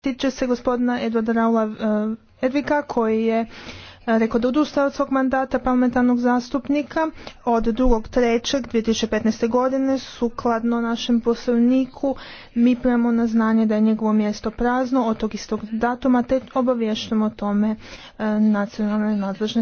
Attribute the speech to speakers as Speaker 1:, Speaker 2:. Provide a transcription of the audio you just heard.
Speaker 1: tiče se gospodina Edvada Raula eh, Edvika koji je eh, rekao da odustaje od svog mandata parlamentarnog zastupnika od 2.3.2015. godine sukladno našem poslovniku mi premo na znanje da je njegovo mjesto prazno od tog istog datuma te obavještamo o tome eh, nacionalne nadležne